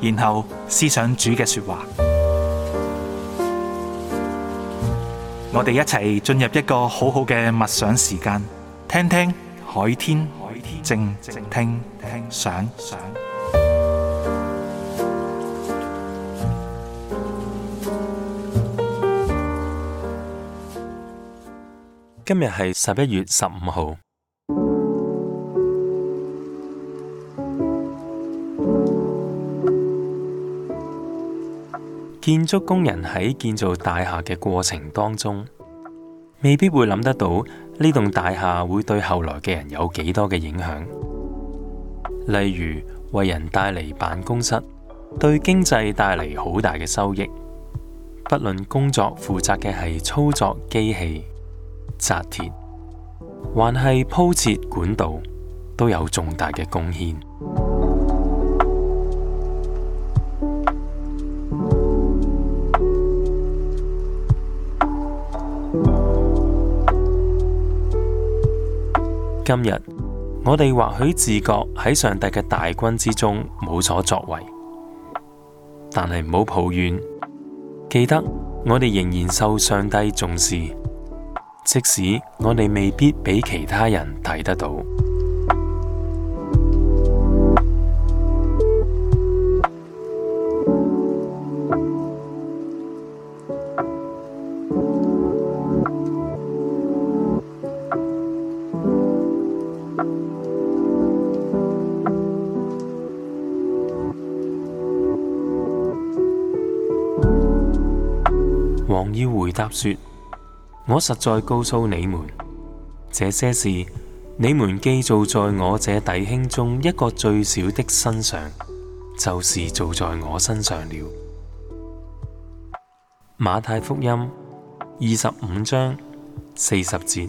然後思想主嘅說話，我哋一齊進入一個好好嘅默想時間，聽聽海天靜聽想。今日係十一月十五號。建築工人喺建造大廈嘅過程當中，未必會諗得到呢棟大廈會對後來嘅人有幾多嘅影響。例如，為人帶嚟辦公室，對經濟帶嚟好大嘅收益。不論工作負責嘅係操作機器、扎鐵，還係鋪設管道，都有重大嘅貢獻。今日我哋或許自覺喺上帝嘅大軍之中冇所作為，但係唔好抱怨。記得我哋仍然受上帝重視，即使我哋未必俾其他人睇得到。王要回答說：我實在告訴你們，這些事你們既做在我這弟兄中一個最小的身上，就是做在我身上了。馬太福音二十五章四十節。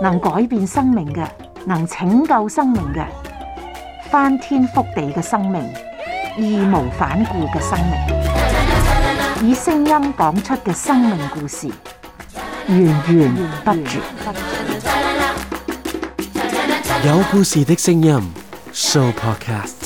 能改變生命嘅，能拯救生命嘅，翻天覆地嘅生命，義無反顧嘅生命，以聲音講出嘅生命故事，源源不絕。有故事的聲音，Sooo Podcast。